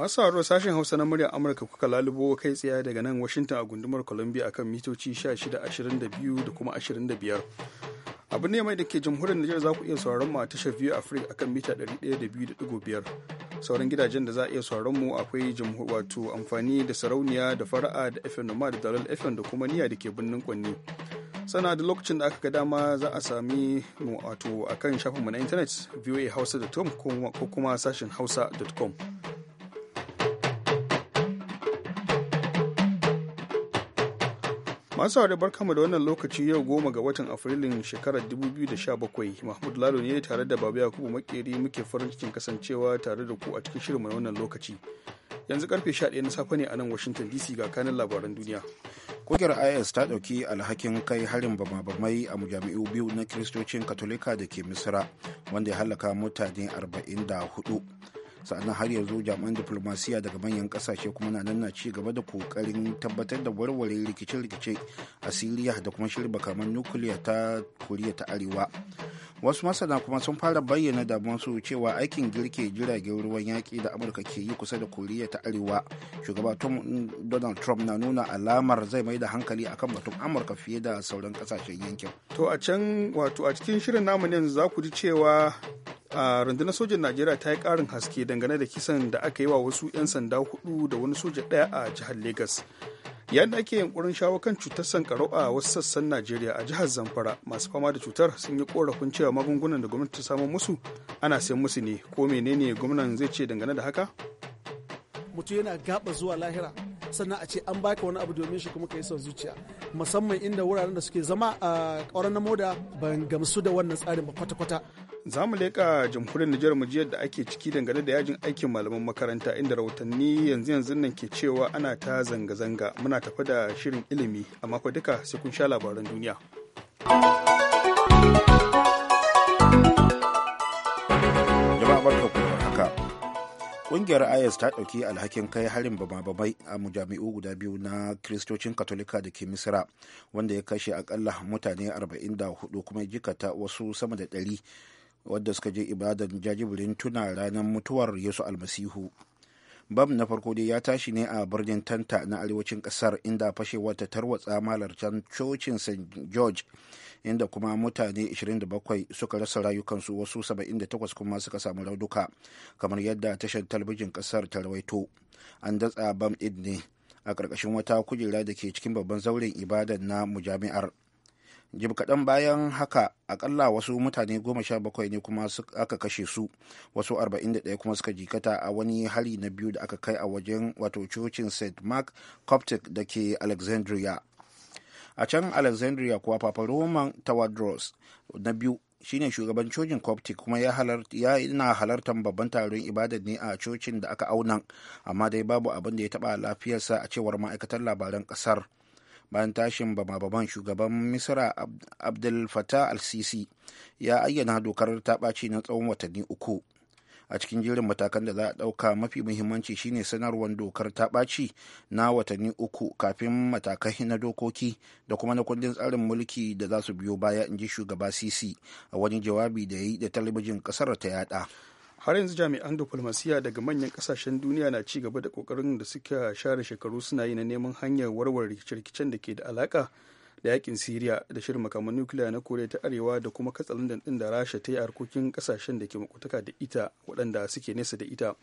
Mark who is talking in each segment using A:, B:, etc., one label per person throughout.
A: masu sauraro sashen hausa na muryar amurka kuka lalubo kai tsaye daga nan washington a gundumar columbia akan mitoci 1622 da kuma 25 abu ne mai da ke jamhuriyar nijar za ku iya sauraron mu a tashar view africa akan mita 102.5 sauran gidajen da za a iya sauraron mu akwai wato amfani da sarauniya da fara'a da fm noma da dalal fm da kuma niyya da ke birnin kwanni sana da lokacin da aka ga dama za a sami mu wato akan shafinmu na intanet voahausa.com ko kuma sashen hausa.com masu da barkamu da wannan lokaci yau goma ga watan afrilun shekarar 2017 mahmud lalo ne tare da babu yakubu makeri muke farin cikin kasancewa tare da ku a cikin shirin mai wannan lokaci yanzu karfe 11 na safe ne a nan washington dc ga kanin labaran duniya
B: kungiyar is ta ɗauki alhakin kai harin bama-bamai a majami'u biyu na kiristocin katolika da ke misira wanda ya halaka mutane 44 sa'annan har yanzu jami'an diplomasiya daga manyan kasashe kuma na nan na ci gaba da kokarin tabbatar da warware rikice-rikice a siriya da kuma shirin makaman nukiliya ta koriya ta arewa wasu masana kuma sun fara bayyana damuwarsu cewa aikin girke jiragen ruwan yaƙi da amurka ke yi kusa da koriya ta arewa shugaba donald trump na nuna alamar zai mai da hankali akan batun amurka fiye da sauran kasashen yankin
A: to a can wato a cikin shirin namu yanzu za ku ji cewa a rundunar sojin najeriya ta yi karin haske dangane da kisan da aka yi wa wasu 'yan sanda hudu da wani soja daya a jihar lagos yayin da ake yankurin shawo kan cutar sankarau a wasu sassan najeriya a jihar zamfara masu fama da cutar sun yi korafin cewa magungunan da gwamnati ta samo musu ana sayan musu ne ko menene gwamnan zai ce dangane da haka
C: mutum yana gaba zuwa lahira sannan a ce an baka wani abu domin shi kuma ka yi son zuciya musamman inda wuraren da suke zama a ƙauren na moda ban gamsu da wannan tsarin ba kwata-kwata
A: za mu leƙa jamhuriyar Nijar mu da ake ciki dangane da yajin aikin malaman makaranta inda rahotanni yanzu yanzu nan ke cewa ana ta zanga-zanga muna tafi da shirin ilimi amma fa duka sai kun sha labaran duniya.
B: haka. Ƙungiyar IS ta ɗauki alhakin kai harin bama a mujami'u guda biyu na Kiristocin Katolika da ke Misira, wanda ya kashe akalla mutane 44 kuma jikata wasu sama da ɗari wadda suka je ibadar jajibirin tuna ranar mutuwar yesu almasihu bam na farko dai ya tashi ne a birnin tanta na arewacin kasar inda fashewar ta tarwatsa malarcan cocin st george inda kuma mutane 27 suka rasa rayukansu wasu 78 kuma suka samu rauduka kamar yadda tashar talabijin kasar ta rawaito an datsa bam din ne a ƙarƙashin wata kujera da ke cikin babban zauren ibadan na mujami'ar jim kaɗan bayan haka akalla wasu mutane goma sha bakwai ne kuma aka kashe su wasu arba'in da ɗaya kuma suka jikata a wani hari na biyu da aka kai a wajen wato cocin st mark coptic da ke alexandria a can alexandria kuwa papa roman tawadros na biyu shine shugaban cocin coptic kuma ya yana halartar babban taron ibadar ne a cocin da aka auna amma dai babu abin da ya taɓa lafiyarsa a cewar ma'aikatar labaran kasar bayan tashin bama-baman shugaban misra abdul fattah al-sisi ya ayyana dokar taɓaci na tsawon watanni uku a cikin jerin matakan da za a ɗauka mafi muhimmanci shine sanarwar dokar taɓaci na watanni uku kafin matakai na dokoki da kuma na kundin tsarin mulki da za su biyo baya in ji shugaba sisi a wani jawabi da ya yi da talabijin ƙasar ta yada
A: har yanzu jami'an diflomasiyya daga manyan kasashen duniya na ci gaba da kokarin da suka share shekaru suna yi na neman hanyar warware rikice-rikicen da ke da alaka da yakin siriya da shirin makaman nukiliya na koriya ta arewa da kuma katsalandan din da rasha ta yi harkokin kasashen da ke makutaka da ita waɗanda suke nesa da ita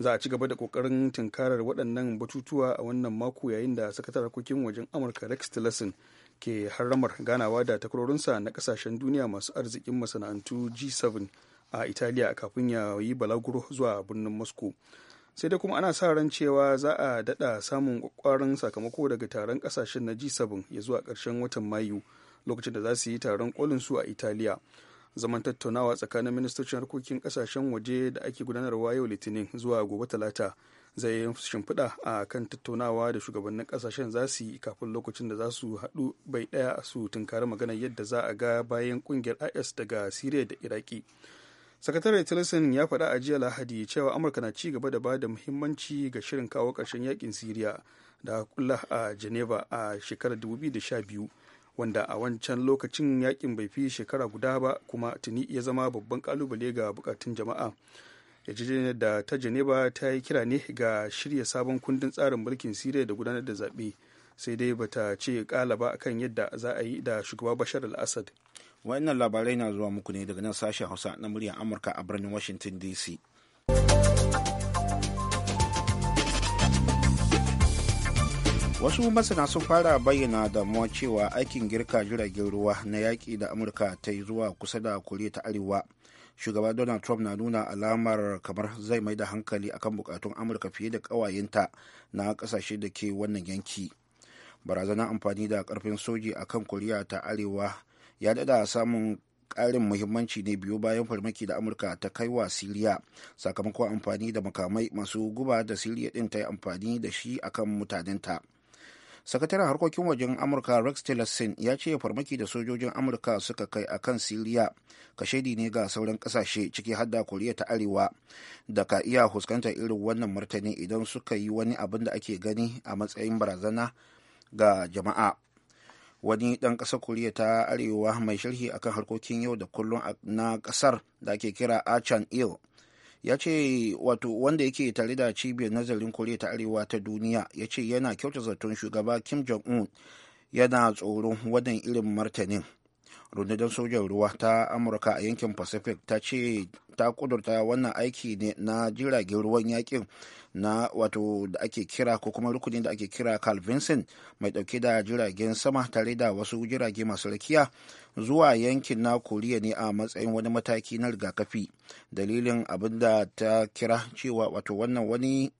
A: za a ci gaba da kokarin tunkarar waɗannan batutuwa a wannan mako yayin da sakatar harkokin wajen amurka rex tillerson ke haramar ganawa da takwarorinsa na kasashen duniya masu arzikin masana'antu g7 a italiya kafin ya yi balaguro zuwa birnin moscow sai dai kuma ana sa ran cewa za a daɗa samun kwarin sakamako daga taron kasashen na g7 ya zuwa karshen watan mayu lokacin da za su yi taron su a italiya zaman tattaunawa tsakanin ministocin harkokin kasashen waje da ake gudanarwa yau litinin zuwa gobe talata zai yi shimfiɗa a kan tattaunawa da shugabannin kasashen za su yi kafin lokacin da za su haɗu bai ɗaya su tunkari maganar yadda za a ga bayan ƙungiyar is daga siriya da iraki sakatare tillerson ya faɗa a jiya lahadi cewa amurka na ci gaba da bada da muhimmanci ga shirin kawo ƙarshen yakin siriya da kulla a geneva a shekarar 2012 wanda a wancan lokacin yakin bai fi shekara guda ba kuma tuni ya zama babban kalubale ga bukatun jama'a yarjejeniyar da ta geneva ta yi kira ne ga shirya sabon kundin tsarin mulkin siriya da gudanar da zaɓe sai dai bata ce kala ba kan yadda za a yi da shugaba bashar
B: al-assad waɗannan labarai na zuwa muku ne daga nan sashen Hausa na muryar Amurka a birnin Washington DC. Wasu masana sun fara bayyana damuwa cewa aikin girka jiragen ruwa na yaƙi da Amurka ta yi zuwa kusa da Koriya ta Arewa. Shugaba Donald Trump na nuna alamar kamar zai mai da hankali akan bukatun Amurka fiye da ƙawayenta na ƙasashe da ke wannan yanki. Barazanar amfani da karfin soji akan Koriya ta Arewa ya dada samun ƙarin muhimmanci ne biyu bayan farmaki da amurka ta kai wa siriya sakamakon amfani da makamai masu guba da siriya din ta yi amfani da shi akan mutanenta sakataren harkokin wajen amurka rex tillerson ya ce farmaki da sojojin amurka suka kai a kan siriya kashedi ne ga sauran kasashe ciki hadda koriya ta arewa da ka iya fuskantar irin wannan martani idan suka yi wani abin da ake gani a matsayin barazana ga jama'a wani ɗan ƙasar koriya ta arewa mai sharhi akan harkokin yau da kullum na ƙasar da ake kira achan ah il ya ce wato wanda yake tare da cibiyar nazarin koriya ta arewa ta duniya ya ce yana kyauta zaton shugaba kim jong-un yana tsoron wadan irin martanin rundunar sojan ruwa ta amurka a yankin pacific ta ce ta kudurta wannan aiki ne na jiragen ruwan yakin na wato da ake kira ko kuma rukunin da ake kira carl vincent mai dauke da jiragen sama tare da wasu jirage masu rakiya zuwa yankin na koriya ne a matsayin wani mataki na rigakafi dalilin abin da ta kira cewa wato wannan wani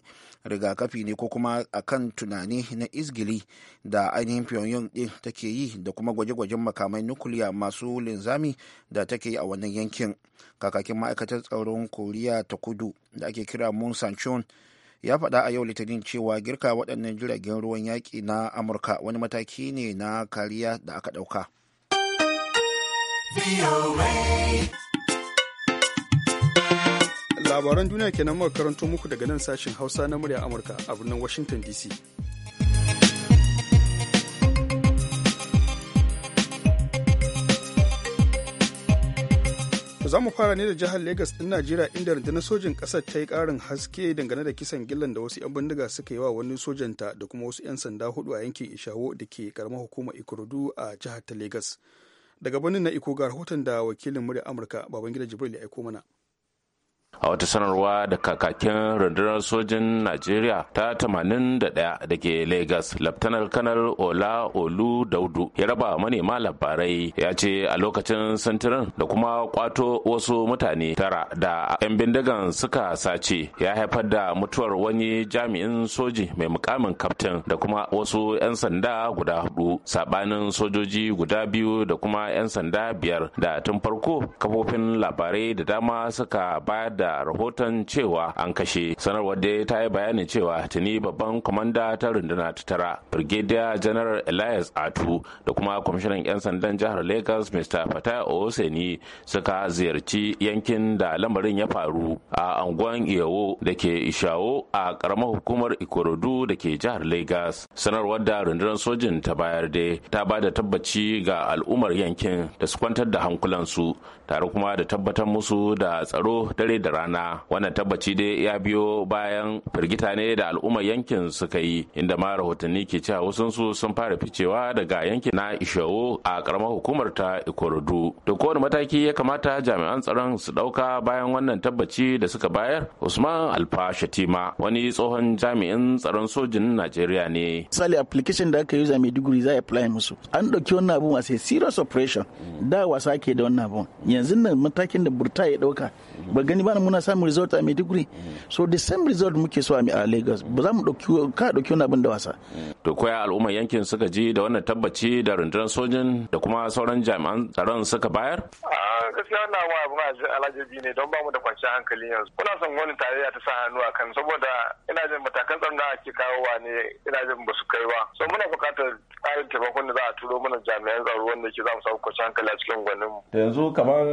B: rigakafi ne ko kuma akan tunani na izgili da ainihin pyongyang din take yi da kuma gwaje-gwajen makamai nukuliya masu linzami da take yi a wannan yankin kakakin ma'aikatar tsaron koriya ta kudu da ake kira moon sanchon ya faɗa a yau litinin cewa girka waɗannan jiragen ruwan yaƙi na amurka wani mataki ne na kariya da aka ɗauka.
A: labaran duniya ke nan karanto muku daga nan sashen hausa na murya amurka a birnin washington dc za mu fara ne da jihar Legas ɗin Najeriya inda rundunar sojin kasar ta yi karin haske dangane da kisan gillan da wasu 'yan bindiga suka yi wa wani sojanta da kuma wasu 'yan sanda hudu a yankin Ishawo da ke karamar hukumar Ikorodu a jihar ta Legas. Daga birnin na Iko ga rahoton da wakilin murya Amurka Babangida Jibril ya aiko mana.
D: a wata sanarwa da kakakin rundunar sojin najeriya ta 81 da ke lagos laftanar kanar ola olu daudu ya raba manema labarai ya ce a lokacin sintirin da kuma kwato wasu mutane tara da 'yan bindigan suka sace ya haifar da mutuwar wani jami'in soji mai mukamin kaftin da kuma wasu 'yan sanda guda hudu sabanin sojoji guda biyu da kuma 'yan sanda biyar da tun farko kafofin labarai da dama suka bayar da rahoton cewa an kashe sanarwar da ta yi bayanin cewa tuni babban kwamanda ta runduna ta tara brigadier general elias atu da kuma kwamishinan 'yan sandan jihar lagos mr fata oseni suka ziyarci yankin da lamarin ya faru a anguwan iyawo da ke ishawo a karamar hukumar ikorodu da ke jihar lagos sanarwar da rundunar sojin ta bayar da ta ba da tabbaci ga al'ummar yankin da su kwantar da hankulansu tare kuma da tabbatar musu da tsaro dare da rana wannan tabbaci dai ya biyo bayan firgita ne da al'ummar yankin suka yi inda ma rahotanni ke cewa wasu sun fara ficewa daga yankin na ishawo a karamar hukumar ta ikorodu da kowane mataki ya kamata jami'an tsaron su dauka bayan wannan tabbaci da suka bayar usman alfa shatima wani tsohon jami'in tsaron sojin najeriya ne
C: misali application da aka yi za maiduguri za a apply musu an ɗauki wannan abun a sai serious operation da wasa ke da wannan abun yanzu nan matakin da burta ya dauka ba gani ba muna samun result a maiduguri so the same result muke so a lagos ba za mu dauki ka dauki wani abin da wasa
D: to koya al'ummar yankin suka ji da wannan tabbaci da rundunar sojin da kuma sauran jami'an tsaron suka bayar
E: gaskiya wannan abu abin alajabi ne don bamu da kwanciyar hankali yanzu kuna son wani tarayya ta sa hannu a kan saboda ina jin matakan tsaron da ake wa ne ina jin ba su kai ba so muna buƙatar tsarin taimakon da za a turo mana jami'an tsaro wanda ke za mu samu kwanciyar hankali
D: a cikin gwanin mu. yanzu kamar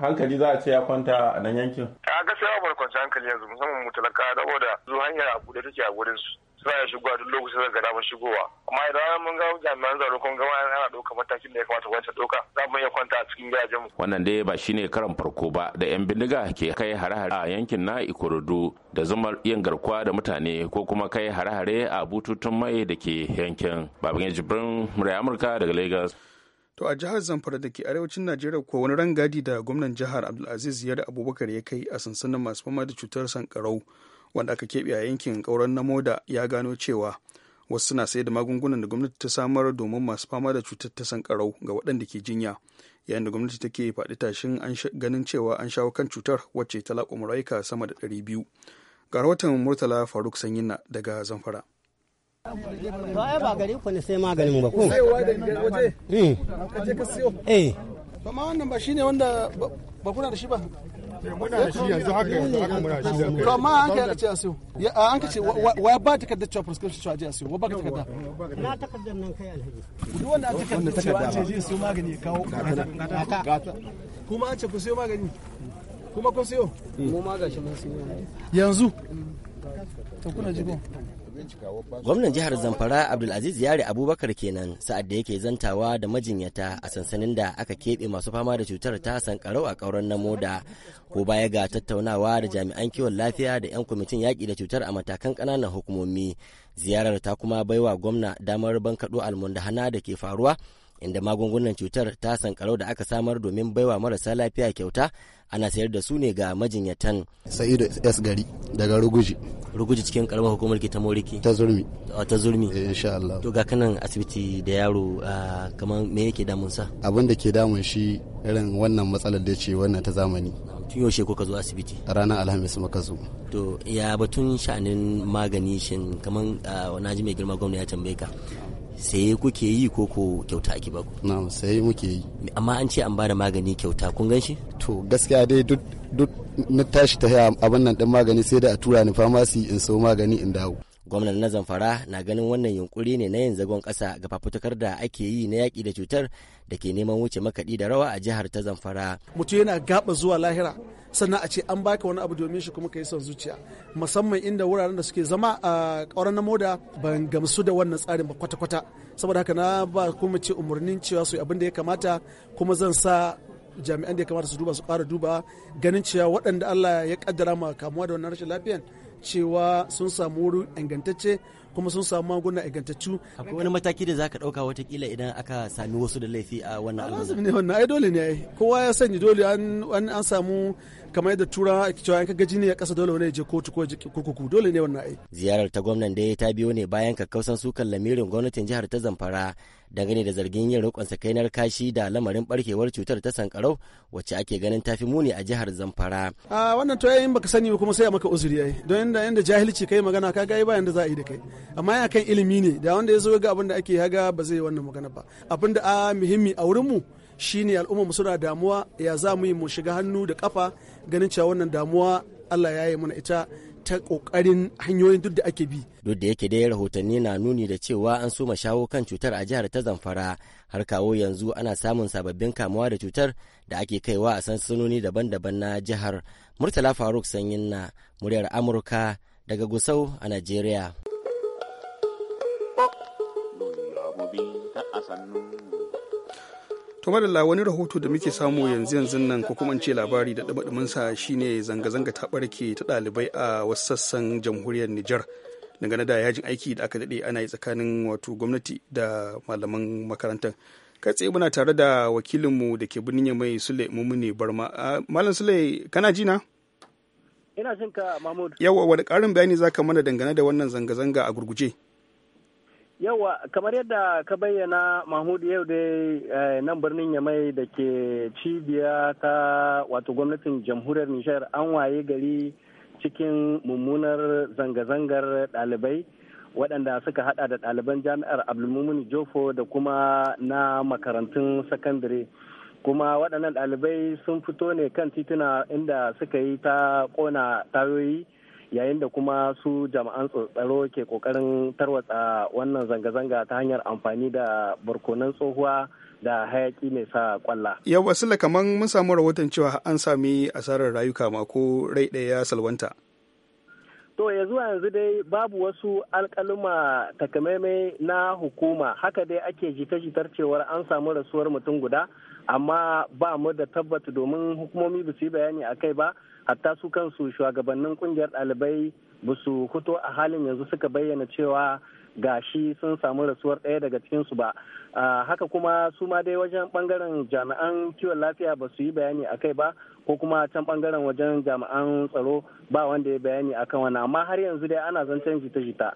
D: hankali za a ce ya kwanta a nan yankin. a gaskiya ba kwanciyar hankali yanzu musamman mu talaka saboda
E: zuwa hanyar a buɗe take a gurin su. suna shigowa duk lokacin da gada damar shigowa amma idan mun ga jami'an tsaro kun ga wani ana ɗaukar matakin da ya kamata wancan ɗauka za mu
D: iya kwanta a cikin gidajenmu. wannan dai ba shine karan farko ba da yan bindiga ke kai hare-hare a yankin na ikorodu da zuma yin garkuwa da mutane ko kuma kai hare-hare a bututun mai da ke yankin babban jibrin murai amurka daga lagos.
A: to a jihar zamfara da ke arewacin najeriya ko wani rangadi da gwamnan jihar abdulaziz ziyar abubakar ya kai a sansanin masu fama da cutar sankarau wanda aka keɓe a yankin ƙauren na moda ya gano cewa wasu suna sayar da magungunan da gwamnati ta samar domin masu fama da cutar ta sankarau ga waɗanda ke jinya yayin da gwamnati take faɗi tashin ganin cewa an shawo kan cutar wacce ta laƙumi rayuka sama da ɗari biyu ga rahoton murtala faruk sanyina daga zamfara
F: ai ba hmm. eh.
C: ma wannan ba shine wanda ba kuna da shi ba to an kai kace asu an wa ba cewa prescription cewa asu wa ba ka takarda
E: na takardar nan kai alhaji duk wanda an takarda cewa
C: magani kawo kuma an ce ku sayo magani kuma ku mm. mu ma gashi mun
F: yanzu mm. to kuna jigo Gwamnan jihar Zamfara Abdulaziz Yare Abubakar kenan sa'ad da yake zantawa da majinyata a sansanin da aka keɓe masu fama da cutar ta sankarau a ƙauren na moda ko baya ga tattaunawa da jami'an kiwon lafiya da 'yan kwamitin yaƙi da cutar a matakan ƙananan hukumomi. Ziyarar ta kuma baiwa gwamna damar bankaɗo almundahana da ke faruwa inda magungunan cutar ta sankarau da aka samar domin baiwa marasa lafiya kyauta ana sayar da su ne ga majinyatan. Sa'idu S gari daga Ruguji. Ruguji cikin karamar hukumar ke ta Moriki. Ta Zurmi. Oh, ta Zurmi. Eh, insha Allah. To ga kanan asibiti da yaro ah, kamar me yake damun sa? Abin da ke damun shi irin wannan matsalar da ce wannan ta zamani. Tun yaushe kuka zo asibiti? Ranar Alhamis muka zo. To ya batun sha'anin magani shin kamar wani ah, ji mai girma gwamna ya tambaye ka. saye kuke yi ko ko kyauta ake baku na saye muke yi amma an ce an bada magani kyauta kun gan shi to gaskiya dai duk na tashi ta abin nan din magani sai da a tura ni famasi in sau magani in dawo gwamnan na zamfara na ganin wannan yunkuri ne na yin zagon ƙasa ga fafutukar da ake yi na yaƙi da cutar da ke neman wuce makaɗi da rawa a jihar ta zamfara mutum yana gaba zuwa lahira sannan a ce an baka wani abu domin shi
C: kuma ka yi son zuciya musamman inda wuraren da suke zama a ƙauren na moda ban gamsu da wannan tsarin ba kwata-kwata saboda haka na ba kuma ce umarnin cewa su abin da ya kamata kuma zan sa jami'an da ya kamata su duba su ƙara duba ganin cewa waɗanda Allah ya kaddara ma kamuwa da wannan rashin lafiyan cewa sun samu wuri ingantacce kuma sun samu magunguna
F: ingantaccu akwai wani mataki da zaka ɗauka watakila idan aka sami wasu da laifi a wannan al'amari ne wannan
C: ai dole ne kowa ya sani dole an an samu kamar yadda tura ake cewa yanka gaji ne ya kasa dole wani ya je kotu ko kurkuku dole ne wannan aiki.
F: ziyarar ta gwamnan da ta biyo ne bayan kakkausan sukan lamirin gwamnatin jihar ta zamfara dangane da zargin yin rikon sakainar kashi da lamarin barkewar cutar ta sankarau wacce ake ganin tafi muni a jihar zamfara. a wannan to yayin baka sani
C: kuma sai a maka uzuri ai don inda inda jahilci kai magana ka ga ba da za a yi da kai amma ya kan ilimi ne da wanda ya zo ga abin da ake haga ba zai yi wannan magana ba abin da a muhimmi a wurin mu shine al'umma mu suna damuwa ya za mu yi mu shiga hannu da kafa ganin cewa wannan damuwa Allah ya
F: yi mana ita ta kokarin hanyoyin duk da ake bi. Duk da yake dai rahotanni na nuni da cewa an soma shawo kan cutar a jihar ta Zamfara har kawo yanzu ana samun sababbin kamuwa da cutar da ake kaiwa a sansanoni daban-daban na jihar. Murtala Faruk Sanyin na muryar Amurka daga Gusau a Najeriya. to madalla wani
A: rahoto da muke samu yanzu yanzu nan ko kuma ce labari da ɗabaɗumin sa shine zanga-zanga ta barke ta ɗalibai a wasu sassan jamhuriyar Nijar dangane da yajin aiki da aka daɗe ana yi tsakanin wato gwamnati da malaman makarantar kai tsaye muna tare da wakilinmu da ke birnin mai sule mumuni barma malam sule kana ji na
E: ina jinka mahmud
A: yawa wani ƙarin bayani zaka mana dangane da wannan zanga-zanga a gurguje
E: Yawa kamar yadda ka bayyana Mahmud yau dai eh, nan birnin Yamai da ke cibiya ta wato gwamnatin jamhuriyar Nijar an waye gari cikin mummunar zanga-zangar ɗalibai waɗanda suka hada da ɗaliban jami'ar abdulmumin Jofo da kuma na makarantun sakandare. Kuma waɗannan ɗalibai sun fito ne kan tituna inda suka yi ta ƙona tayoyi. yayin da kuma su jama'an tsaro ke kokarin tarwatsa wannan zanga-zanga ta hanyar amfani da barkonan tsohuwa da hayaki mai sa kwalla.
A: yau sila kamar mun samu rahoton cewa an sami asarar rayuka mako rai ɗaya salwanta.
E: To ya zuwa yanzu dai babu wasu alkaluma takamaimai na hukuma haka dai ake jita-jitar cewar an samu rasuwar mutum guda amma ba mu da tabbata domin hukumomi ba su yi bayani a kai ba hatta su kansu shugabannin kungiyar ɗalibai ba su fito a halin yanzu suka bayyana cewa gashi sun samu rasuwar ɗaya daga cikinsu ba haka kuma su ma dai wajen ɓangaren jami'an kiwon lafiya ba su yi bayani a kai ba ko kuma can ɓangaren wajen jami'an tsaro ba wanda ya bayani kan wani amma har yanzu dai ana zancen jita-jita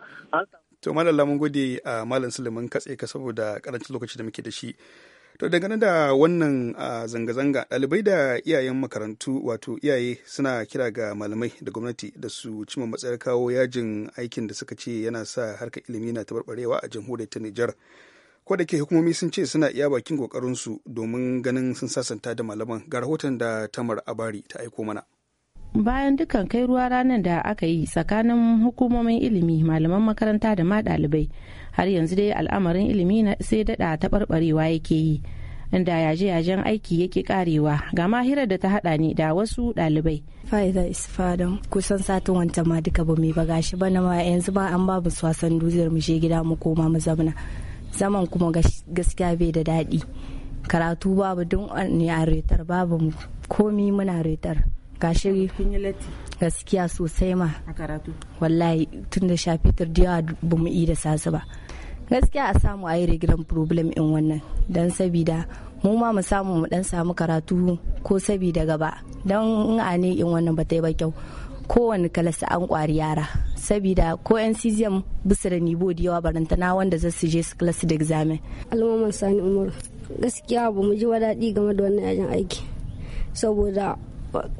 A: to malam mun gode a ah, malam suleiman katse ka saboda karancin lokaci da muke da shi to dangane da wannan zanga-zanga ɗalibai da iyayen makarantu wato iyaye suna kira ga malamai da gwamnati da su cima matsayar kawo yajin aikin da suka ce yana sa harkar ilimi na tabarbarewa a jamhuriyar ta nijar ko da ke hukumomi sun ce suna iya bakin kokarinsu domin ganin sun sasanta da malaman ga rahoton da tamar abari ta aiko mana
G: bayan dukkan kai ruwa ranar da aka yi tsakanin hukumomin ilimi malaman makaranta da ma ɗalibai har yanzu dai al'amarin ilimi sai daɗa taɓarɓarewa yake yi inda yaje-yajen aiki yake karewa ga mahirar da ta haɗa ni da wasu dalibai. Fa'iza isfadan kusan satin wanta ma duka ba mai ba gashi ba na ma yanzu ba an babu su wasan duziyar mu je gida mu koma mu zamana Zaman kuma gaskiya bai da daɗi. Karatu babu don ne a retar babu mu komi muna retar. Gashi gaskiya sosai ma. Wallahi tun da shafitar da ba mu yi da sasu ba. gaskiya a samu a yi problem in wannan don sabida mu ma mu samu mu dan samu karatu ko sabida gaba don in a ne in wannan bata yi ba kyau kowane kalasa an kwari yara sabida ko yan cesium bisa da nibo da yawa na wanda za su je su kalasa da examen alamomin sani umaru gaskiya ba mu ji wadadi game da
E: wannan yajin aiki saboda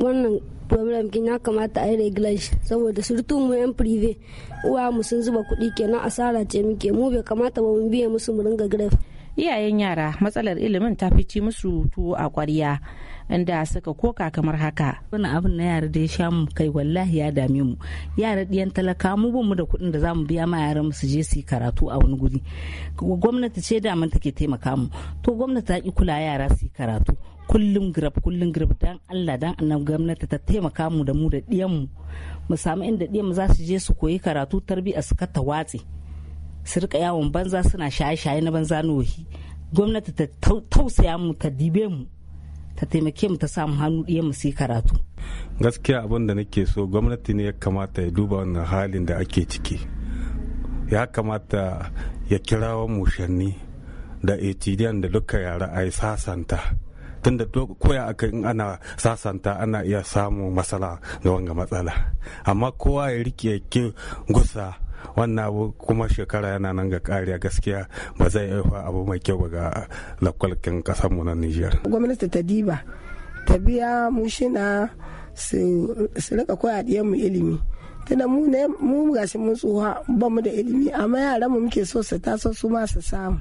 E: wannan problem kin ya kamata a yi regulation saboda surtun mu yan prive uwa mu sun zuba kuɗi kenan asara ce muke mu bai kamata ba mu biye musu mu ringa gref
G: iyayen yara matsalar ilimin ta ci musu tuwo a kwarya inda suka koka kamar haka. Wani abin na yara da ya sha mu kai wallahi ya dame mu. Yara ɗiyan talaka mu ban mu da kuɗin da za mu biya ma yaran su je su yi karatu a wani guri. Gwamnati ce daman take taimaka mu. To gwamnati ta ƙi kula yara su yi karatu. kullum grab kullum grab dan Allah dan annan gwamnati ta taimaka mu da mu da diyanmu mu samu inda diyanmu za su je su koyi karatu tarbiya su ta watsi su rika yawon banza suna shaye-shaye na banza nohi gwamnati ta tausaya mu ta dibe mu ta taimake mu ta samu hannu diyanmu su yi karatu
D: gaskiya abin da nake so gwamnati
H: ne ya kamata ya duba wannan halin da ake ciki ya kamata ya kirawo mushanni da etidiyan da duka yara a sasanta tunda koya aka in ana sasanta ana iya samun matsala ga wanga matsala amma kowa ya rike ke gusa wannan abu kuma shekara yana nan ga kariya gaskiya ba zai haifa abu mai kyau ga lakwalkin kasanmu na nijar
G: gwamnati ta diba ta biya mu shina su rika koya mu ilimi tunda mu ne mu gashi mun tsuha ba mu da ilimi amma yaran mu muke so su taso su ma su samu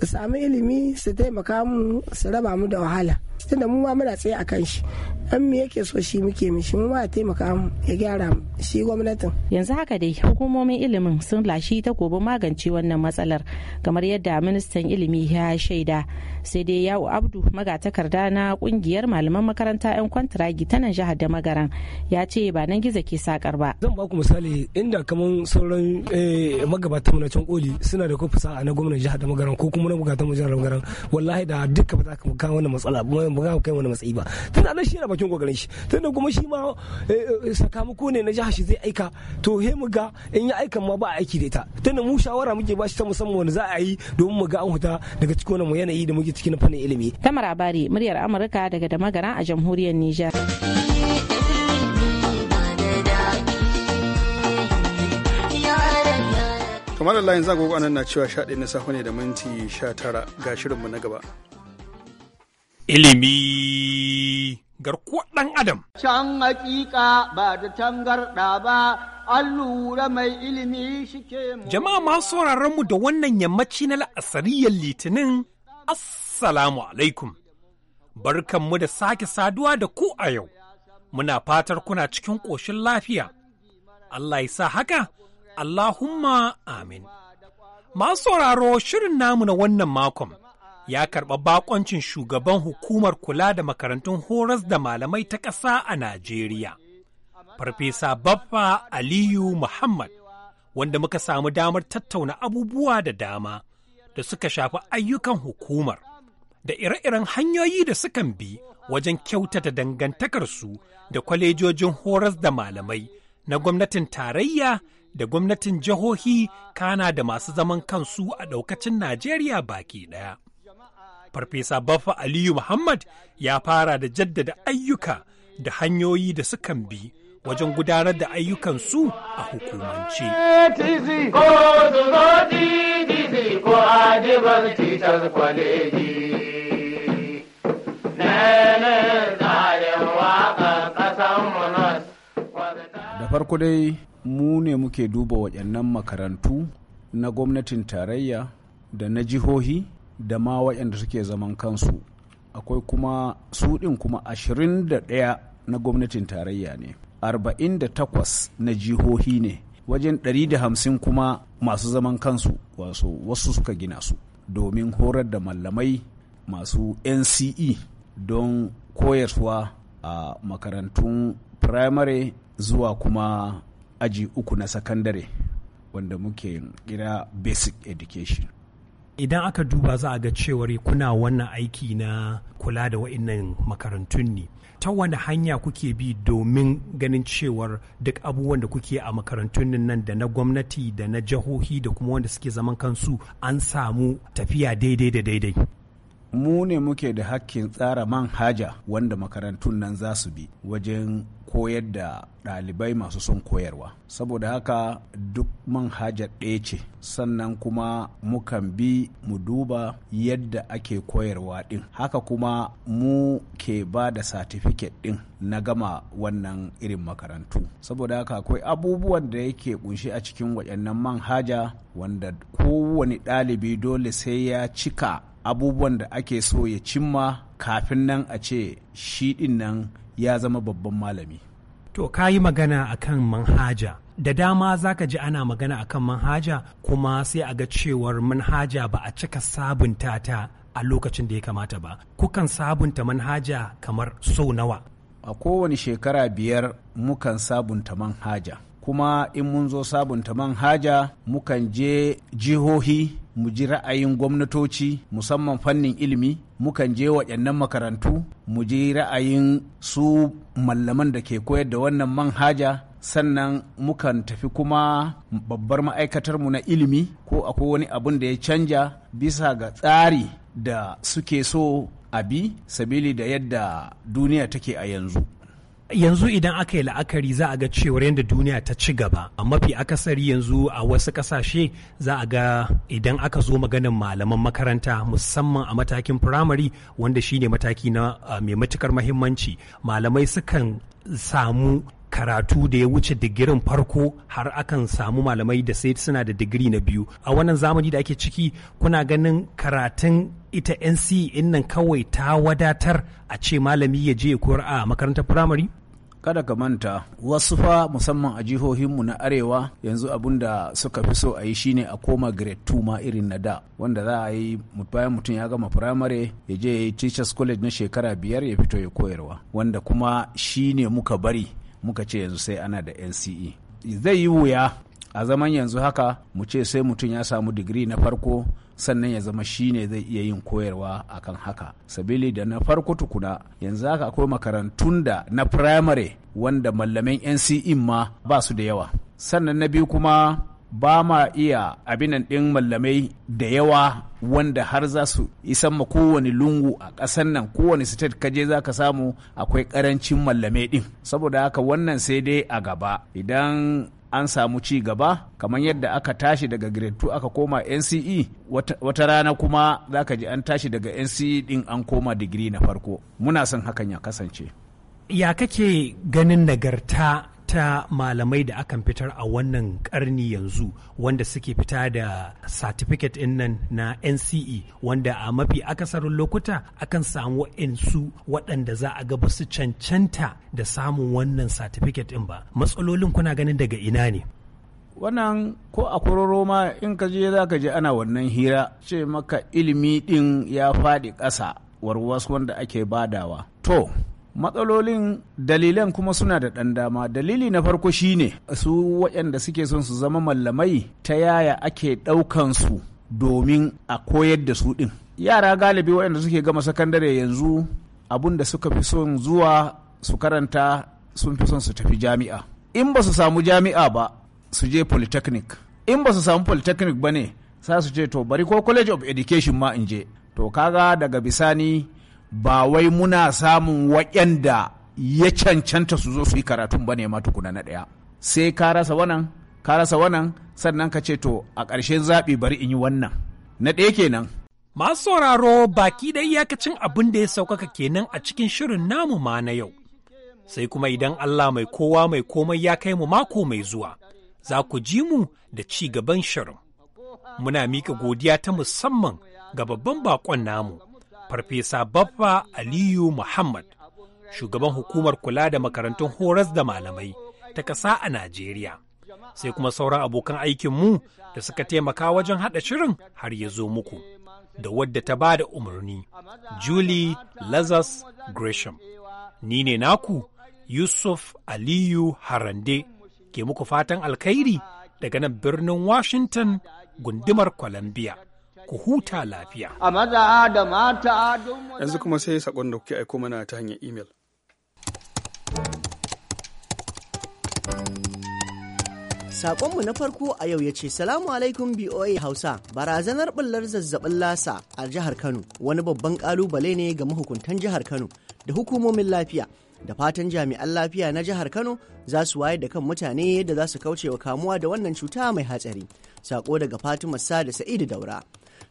G: su sami ilimi su taimaka mu su raba mu da wahala tunda mu ma muna tsaye kan shi an me yake so shi muke mishi mu ma a taimaka mu ya gyara shi gwamnatin yanzu haka dai hukumomin ilimin sun lashi ta gobe magance wannan matsalar kamar yadda ministan ilimi ya shaida sai dai yawo abdu magatakarda na kungiyar malaman makaranta yan kwantiragi ta nan jihar da magaran ya ce ba nan gizo ke sakar ba zan
I: baku misali inda kamar sauran eh, magabatan na can koli suna da kofi sa'a na gwamnan jihar da magaran ko kuma na magatan jihar da magaran wallahi da duka ba za ka kawo wannan matsala ba mu kai wani matsayi ba tunda nan shi yana bakin kokarin shi tunda kuma shi ma eh, eh, sakamako ne na jihar shi zai aika to he mu ga in ya aika ma ba a aiki da ita tunda mu shawara muke ba shi ta musamman wani za a yi domin mu ga an huta daga cikin wannan yanayi da muke cikin fannin ilimi
G: tamar abari muryar amurka daga damagara a jamhuriyar nijar
A: kamar da layin zagogo anan na cewa sha ɗaya na safe ne da minti sha tara ga shirinmu na gaba ilimi garkuwar ɗan adam.
J: Can hakika ba da tangarɗa ba, an lura mai ilimi shi ke Jama'a masu
I: sauraronmu mu da wannan yammaci na la'asariyar litinin, Assalamu alaikum. Barkanmu da sake saduwa da ku a yau, muna fatar kuna cikin ƙoshin lafiya. Allah ya sa haka, Allahumma amin. Masu sauraro shirin namu na wannan makon. ya karɓa bakoncin shugaban hukumar kula da makarantun horas da malamai ta ƙasa a Najeriya. Farfesa Baffa Aliyu Muhammad, wanda muka samu damar tattauna abubuwa da dama da suka shafi ayyukan hukumar, da ire-iren hanyoyi da sukan bi wajen kyautata dangantakarsu da kwalejojin horas da malamai na gwamnatin tarayya da gwamnatin jihohi kana da masu zaman kansu a ɗaukacin Najeriya baki ɗaya. Farfesa Baffa Aliyu Muhammad ya fara da jaddada ayyuka da hanyoyi da sukan bi wajen gudanar da ayyukansu a hukumance.
H: Da farko dai mu ne muke duba waɗannan makarantu na gwamnatin tarayya da na jihohi da ma waɗanda suke zaman kansu akwai kuma su ɗin kuma 21 na gwamnatin tarayya ne 48 na jihohi ne wajen 150 kuma masu zaman kansu wasu suka gina su domin horar da mallamai masu nce don koyarwa a makarantun firamare zuwa kuma aji uku na sakandare wanda muke kira basic
I: education idan aka duba za a ga cewar kuna wannan aiki na kula da wa'innan makarantun ne ta wani hanya kuke bi domin ganin cewar duk abubuwan da kuke a makarantun nan da na gwamnati da na jihohi da kuma wanda suke zaman kansu an samu tafiya daidai da daidai
H: mu ne muke da hakkin tsara manhaja wanda makarantun nan za su bi wajen koyar da ɗalibai masu son koyarwa saboda haka duk manhajar ɗaya ce sannan kuma mukan bi mu duba yadda ake koyarwa ɗin haka kuma mu ke ba da satifiket ɗin na gama wannan irin makarantu saboda haka akwai abubuwan da yake kunshi a cikin waɗannan manhaja wanda kowane ɗalibi dole sai ya cika abubuwan da ake so ya cimma kafin nan a ce shi ɗin nan ya zama babban malami
I: to ka yi magana a kan manhaja da dama za ka ji ana magana a kan manhaja kuma sai a ga cewar manhaja ba a cika sabunta ta a lokacin da ya kamata ba kukan sabunta manhaja kamar sau nawa
H: a kowane shekara biyar mukan sabunta manhaja kuma in mun zo sabunta manhaja mukan je jihohi mu ji ra'ayin gwamnatoci musamman fannin ilimi mukan je waɗannan makarantu mu ji ra'ayin su mallaman da ke koyar da wannan manhaja sannan mukan tafi kuma babbar ma'aikatarmu na ilimi ko akwai wani abin da ya canja bisa ga tsari da suke so a bi sabili da yadda duniya take a yanzu
I: yanzu idan aka yi la'akari za a ga cewar yadda duniya ta ci gaba a mafi akasari yanzu a wasu kasashe za a ga idan aka zo maganin malaman makaranta musamman a matakin firamare wanda shine mataki na ah, mai matukar mahimmanci malamai sukan samu karatu da ya wuce digirin farko har akan samu malamai da sai suna da digiri na biyu a wannan zamani da ake ciki kuna ganin karatun ita NCE in nan kawai ta wadatar a ce malami ya je koyar a makarantar firamare?
H: kada ka manta wasu fa musamman a jihohinmu na arewa yanzu abun da suka fi so a yi shine a koma grade 2 ma irin na da wanda za a yi bayan mutum ya gama firamare ya je ya yi teachers college na shekara biyar ya fito ya koyarwa wanda kuma shi ne muka bari muka ce yanzu sai ana da nce zai yi wuya a zaman yanzu haka mu ce sai mutum ya samu digiri na farko sannan ya zama shi ne zai iya yin koyarwa akan haka sabili da na farko tukuna yanzu haka akwai makarantun da na firamare wanda mallamin nce ma ba su da yawa sannan na biyu kuma ba ma iya abinan ɗin mallamai da yawa wanda har za su isan ma kowane lungu a ƙasan nan kowane state kaje za ka samu akwai ƙarancin mallamai ɗin saboda haka wannan sai dai a gaba idan an samu ci gaba kamar yadda aka tashi daga grade 2 aka koma NCE wata, rana kuma za ka ji an tashi daga NCE din an koma digiri na farko muna son hakan ya kasance
I: ya kake ganin nagarta ta malamai da akan fitar a wannan karni yanzu wanda suke fita da certificate din nan na NCE wanda a mafi akasarin lokuta akan samu su waɗanda za a ga su cancanta da samun wannan certificate din ba matsalolin kuna ganin daga ina ne
H: wannan ko a kororo in ka je za ka je ana wannan hira ce maka ilimi ɗin ya faɗi ƙasa warwas wanda ake badawa to matsalolin dalilan kuma suna da ɗan dama dalili na farko shine su waɗanda suke son su zama mallamai ta yaya ake ɗaukansu domin a koyar da su ɗin yara galibi waɗanda suke gama sakandare yanzu abun da suka fi son zuwa su karanta sun fi son su tafi jami'a in ba su samu jami'a ba su je polytechnic in ba su samu polytechnic ba ne sa su ce to bari ko college of education ma in je to kaga daga bisani ba wai muna samun waɗanda ya cancanta su zo su yi karatun ba ne ma na ɗaya sai ka rasa wannan ka rasa wannan sannan ka ce to a ƙarshen zaɓi bari in yi wannan
I: na ɗaya kenan masu sauraro baki da iyakacin abin da ya saukaka kenan a cikin shirin namu ma na yau sai kuma idan Allah mai kowa mai komai ya kai mu mako mai zuwa za ku ji mu da ci gaban shirin muna mika godiya ta musamman ga babban baƙon namu Farfesa Baffa Aliyu Muhammad, shugaban hukumar kula da makarantun horas da malamai ta ƙasa a Najeriya. Sai kuma sauran abokan aikinmu da suka taimaka wajen haɗa shirin har ya zo muku. Da wadda ta ba da umarni, Julie Lazarus Gresham. Ni ne naku, Yusuf Aliyu Harande, ke muku fatan alkhairi daga nan birnin Washington, gundumar Columbia.
A: ku huta lafiya.
J: A maza da mata Yanzu
A: kuma sai sakon da kuke aiko mana ta hanyar imel.
J: Saƙonmu na farko a yau ya ce, Salamu alaikum BOA Hausa, barazanar ɓullar zazzaɓin lasa a jihar Kano, wani babban ƙalubale ne ga mahukuntan jihar Kano da hukumomin lafiya. Da fatan jami'an lafiya na jihar Kano za su wayar da kan mutane da za su wa kamuwa da wannan cuta mai hatsari. Saƙo daga Fatima Sada Sa'idu Daura.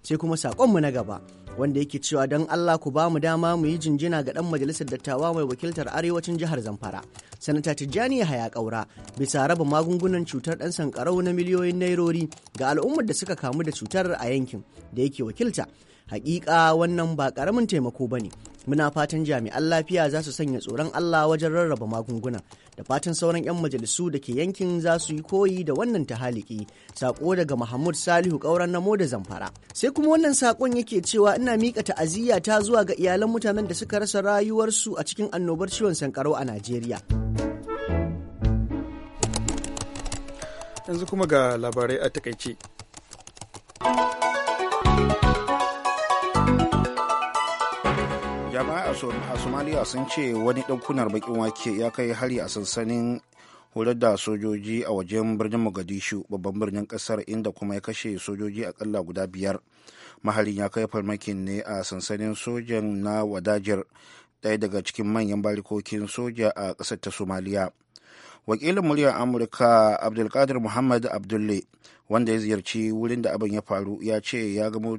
J: sai kuma saƙonmu na gaba wanda yake cewa don Allah ku ba mu dama mu yi jinjina ga ɗan majalisar dattawa mai wakiltar arewacin jihar Zamfara. Sanata Tijjani Haya Kaura bisa raba magungunan cutar ɗan sankarau na miliyoyin nairori ga al'ummar da suka kamu da cutar a yankin da yake wakilta. Hakika wannan ba karamin taimako ba ne. Muna fatan jami'an lafiya za su sanya tsoron Allah wajen rarraba magungunan da fatan sauran 'yan majalisu da ke yankin za su yi koyi da wannan tahaliki sako daga mahmud salihu kauran namo da zamfara sai kuma wannan sakon yake cewa ina mika ta'aziyya ta zuwa ga iyalan mutanen da suka rasa rayuwarsu a cikin annobar ciwon sankarau a najeriya
A: yanzu kuma ga labarai a takaice
B: jama'a a somaliya sun ce wani ɗaukunar bakin wake ya kai hari a sansanin horar da sojoji a wajen birnin mogadishu babban birnin kasar inda kuma ya kashe sojoji a kalla guda biyar mahalin ya kai farmakin ne a sansanin sojan na wadajir ɗaya daga cikin manyan barikokin soja a ƙasar ta somaliya wakilin muryar amurka abdulkadir muhammad abdulle wanda ya ziyarci wurin da abin ya faru ya ce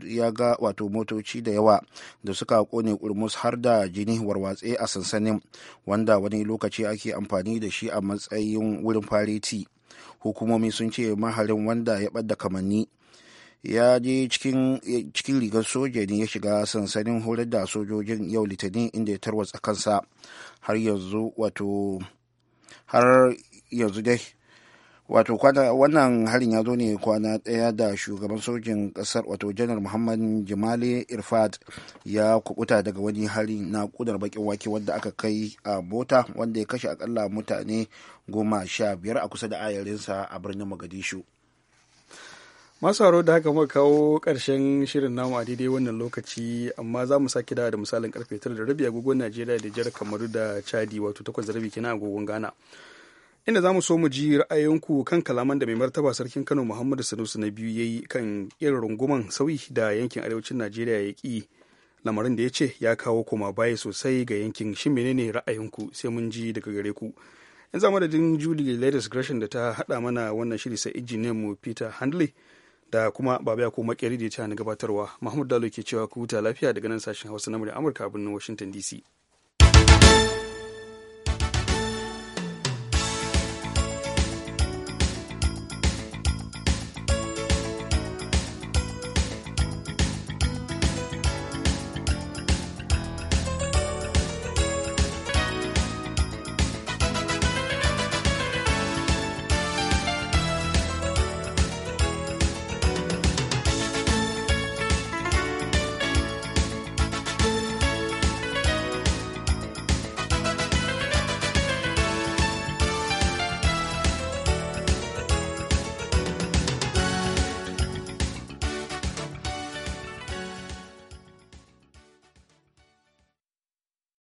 B: ya ga wato motoci da yawa da suka kone kurmus har da jini warwatse a sansanin wanda wani lokaci ake amfani da shi a matsayin wurin fareti hukumomi sun ce maharin wanda ya bada kamanni ya je cikin rigar soja ne ya shiga sansanin horar da sojojin yau litinin inda ya tarwatsa kansa har yanzu wato har yanzu dai wato wannan harin ya zo ne kwana ɗaya da shugaban sojin ƙasar wato janar muhammad jimale irfad ya kubuta daga wani hari na kudar bakin wake wanda aka kai a bota wanda ya kashe akalla mutane goma sha biyar a kusa da ayarinsa a birnin magadishu
A: masu da haka muka kawo karshen shirin namu a daidai wannan lokaci amma za mu sake dawa da misalin karfe tara da rabi agogon najeriya da jihar kamaru da chadi wato takwas da rabi kenan agogon ghana inda za mu so mu ji ra'ayinku kan kalaman da mai martaba sarkin kano muhammadu sanusi na biyu ya yi kan irin runguman sauyi da yankin arewacin najeriya ya ki lamarin da ya ce ya kawo koma baya sosai ga yankin shi menene ra'ayinku sai mun ji daga gare ku in zama da jin julie latest gresham da ta haɗa mana wannan shiri sai injiniyan mu peter handley da kuma baba ko makeri da ya ci gabatarwa muhammadu dalo ke cewa ku huta lafiya daga nan sashen hausa na amurka a birnin washington dc